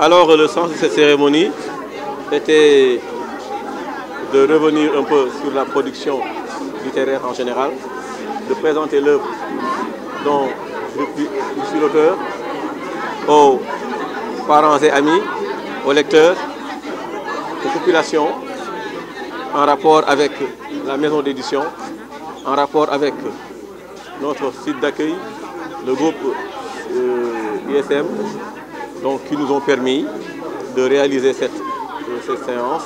Alors le sens de cette cérémonie était de revenir un peu sur la production littéraire en général, de présenter l'œuvre dont je suis l'auteur aux parents et amis, aux lecteurs, aux populations, en rapport avec la maison d'édition, en rapport avec notre site d'accueil, le groupe euh, ISM, qui nous ont permis de réaliser cette, séance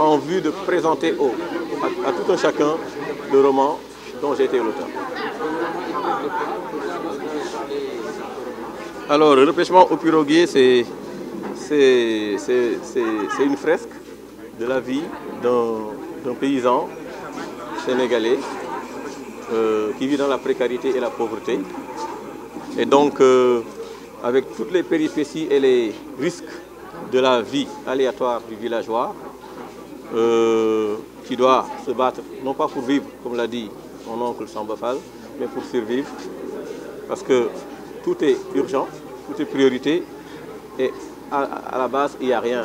en vue de présenter au, à, tout un chacun le roman dont j'ai été l'auteur. Alors, le pêchement au piroguier, c'est une fresque de la vie d'un paysan sénégalais euh, qui vit dans la précarité et la pauvreté. Et donc, euh, avec toutes les péripéties et les risques de la vie aléatoire du villageois, euh, qui doit se battre, non pas pour vivre, comme l'a dit mon oncle Sambafal, mais pour survivre, parce que tout est urgent, tout est priorité, et à, la base, il n'y a rien.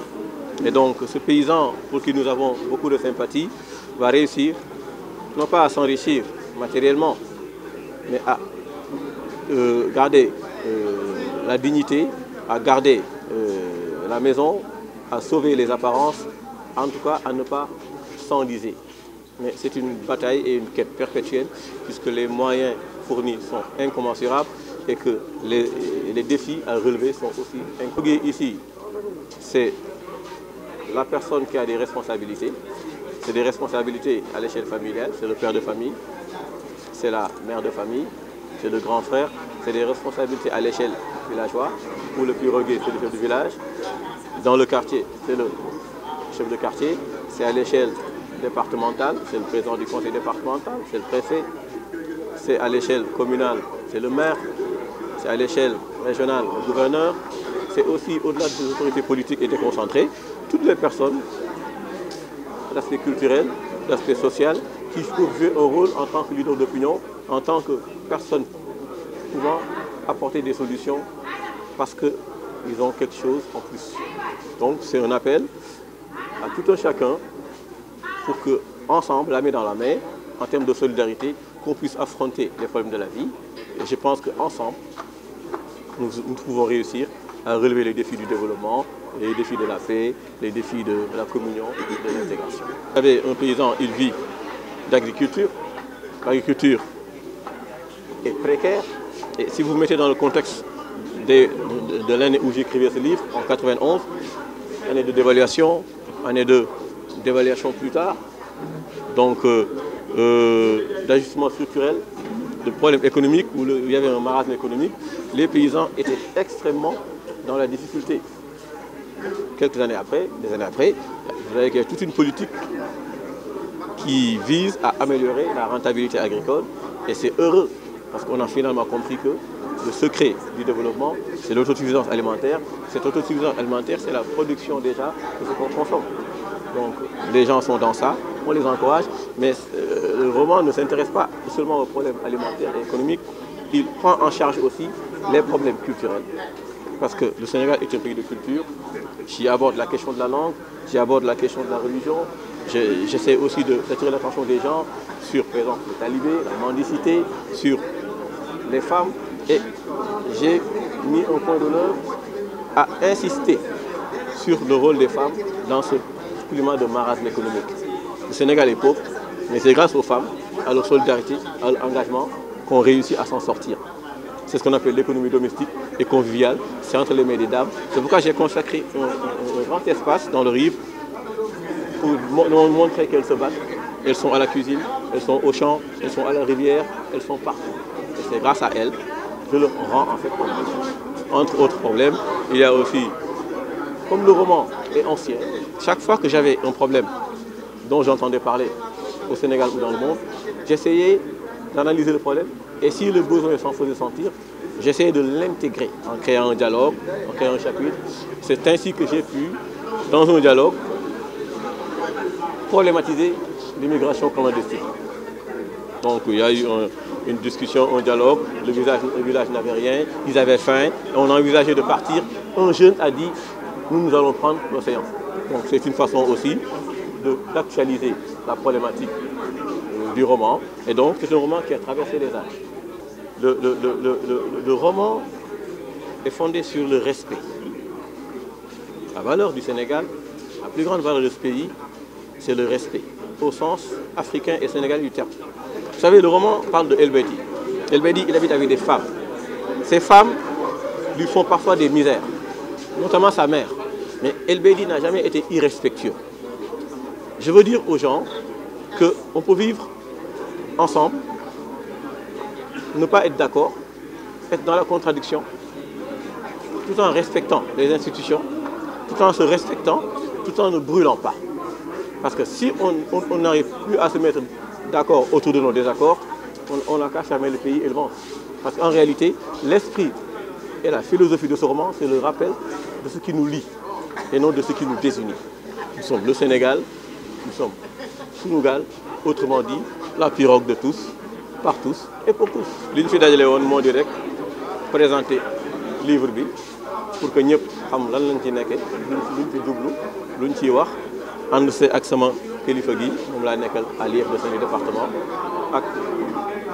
Et donc, ce paysan, pour qui nous avons beaucoup de sympathie, va réussir, non pas à s'enrichir matériellement, mais à euh, garder... Euh, la dignité, à garder euh, la maison, à sauver les apparences, en tout cas à ne pas s'enliser. Mais c'est une bataille et une quête perpétuelle puisque les moyens fournis sont incommensurables et que les, les défis à relever sont aussi incommensurables. Ici, c'est la personne qui a des responsabilités. C'est des responsabilités à l'échelle familiale, c'est le père de famille, c'est la mère de famille, c'est le grand frère, c'est les responsabilités à l'échelle villageoise, pour le plus c'est le chef du village. Dans le quartier, c'est le chef de quartier, c'est à l'échelle départementale, c'est le président du conseil départemental, c'est le préfet, c'est à l'échelle communale, c'est le maire, c'est à l'échelle régionale, le gouverneur, c'est aussi au-delà des autorités politiques et concentrées, toutes les personnes, l'aspect culturel, l'aspect social, qui peuvent jouer un rôle en tant que leader d'opinion en tant que personne pouvant apporter des solutions parce qu'ils ont quelque chose en plus. Donc c'est un appel à tout un chacun pour que ensemble, la main dans la main, en termes de solidarité, qu'on puisse affronter les problèmes de la vie. Et je pense qu'ensemble, nous, nous pouvons réussir à relever les défis du développement, les défis de la paix, les défis de la communion et de l'intégration. Vous savez, un paysan, il vit d'agriculture et précaire. Et si vous mettez dans le contexte de, l'année où j'écrivais ce livre, en 91, année de dévaluation, année de dévaluation plus tard, donc euh, euh, d'ajustement structurel, de problèmes économiques où il y avait un marasme économique, les paysans étaient extrêmement dans la difficulté. Quelques années après, des années après, vous avez toute une politique qui vise à améliorer la rentabilité agricole et c'est heureux parce qu'on a finalement compris que le secret du développement, c'est l'autosuffisance alimentaire. Cette autosuffisance alimentaire, c'est la production déjà de ce qu'on consomme. Donc les gens sont dans ça, on les encourage, mais euh, le roman ne s'intéresse pas seulement aux problèmes alimentaires et économiques, il prend en charge aussi les problèmes culturels. Parce que le Sénégal est un pays de culture, j'y aborde la question de la langue, j'y aborde la question de la religion, j'essaie aussi d'attirer attirer l'attention des gens sur, par exemple, le talibé, la mendicité, sur femmes et j'ai mis un point d'honneur à insister sur le rôle des femmes dans ce climat de marasme économique. Le Sénégal est pauvre, mais c'est grâce aux femmes, à leur solidarité, à leur engagement qu'on réussit à s'en sortir. C'est ce qu'on appelle l'économie domestique et conviviale, c'est entre les mains des dames. C'est pourquoi j'ai consacré un, grand espace dans le Rive pour montrer qu'elles se battent. Elles sont à la cuisine, elles sont aux champs, elles sont à la rivière, elles sont partout c'est grâce à elle je le rends en fait Entre autres problèmes, il y a aussi, comme le roman est ancien, chaque fois que j'avais un problème dont j'entendais parler au Sénégal ou dans le monde, j'essayais d'analyser le problème et si le besoin s'en faisait sentir, j'essayais de l'intégrer en créant un dialogue, en créant un chapitre. C'est ainsi que j'ai pu, dans un dialogue, problématiser l'immigration clandestine. Donc il y a eu un, une discussion, un dialogue. Le village, village n'avait rien, ils avaient faim. On a envisagé de partir. Un jeune a dit, nous, nous allons prendre l'océan. Donc c'est une façon aussi d'actualiser la problématique euh, du roman. Et donc c'est un roman qui a traversé les âges. Le, le roman est fondé sur le respect. La valeur du Sénégal, la plus grande valeur de ce pays, c'est le respect, au sens africain et sénégalais du terme. Vous savez, le roman parle de Elbedi. Elbedi, il habite avec des femmes. Ces femmes lui font parfois des misères, notamment sa mère. Mais Elbedi n'a jamais été irrespectueux. Je veux dire aux gens qu'on peut vivre ensemble, ne pas être d'accord, être dans la contradiction, tout en respectant les institutions, tout en se respectant, tout en ne brûlant pas. Parce que si on n'arrive plus à se mettre d'accord autour de nos désaccords, on n'a qu'à jamais le pays et le vent. Parce qu'en réalité, l'esprit et la philosophie de ce roman, c'est le rappel de ce qui nous lie et non de ce qui nous désunit. Nous sommes le Sénégal, nous sommes Sénégal, autrement dit, la pirogue de tous, par tous et pour tous. L'une fi dajale di rek présenter livre pour que nous xam lan lañ ci ànd see ak sama kilifa gi mom la nekkal à l'IEF de saint département ak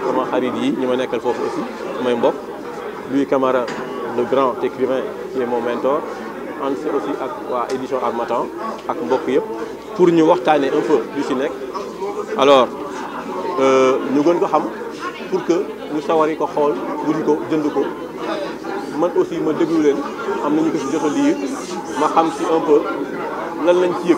sama xarit yi ñuma nekkal fofu aussi samay mbokk Louis Camara le grand écrivain qui est mon mentor ànd see aussi ak wa édition Harmattan ak mbokk yëpp pour ñu waxtaanee un peu lu ci nekk alors euh, ñu gën ko xam pour que ñu sawari ko xool wuñ ko jënd ko man aussi ma déglu leen am nañu ko ci jot a lire ma xam ci un peu lan lañ ci yëg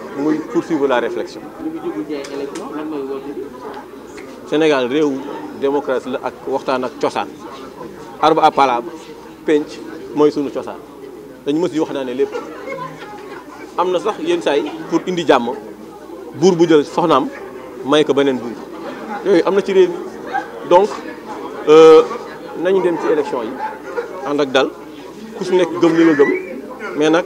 muy poursuivre la réflexion Sénégal réew démocratie la ak waxtaan ak cosaan arba à palabre penc mooy sunu cosaan dañu mësu di wax naa ne lépp am na sax yenn saay pour indi jàmm buur bu jël soxnaam may ko beneen buur yooyu am na ci réew mi donc euh, nañu dem ci élection yi ànd ak dal ku su nekk gëm li nga gëm mais nag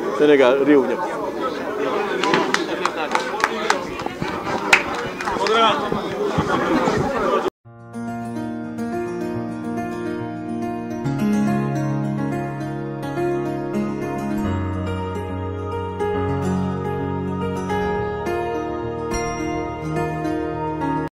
Sénégal réew ñëpp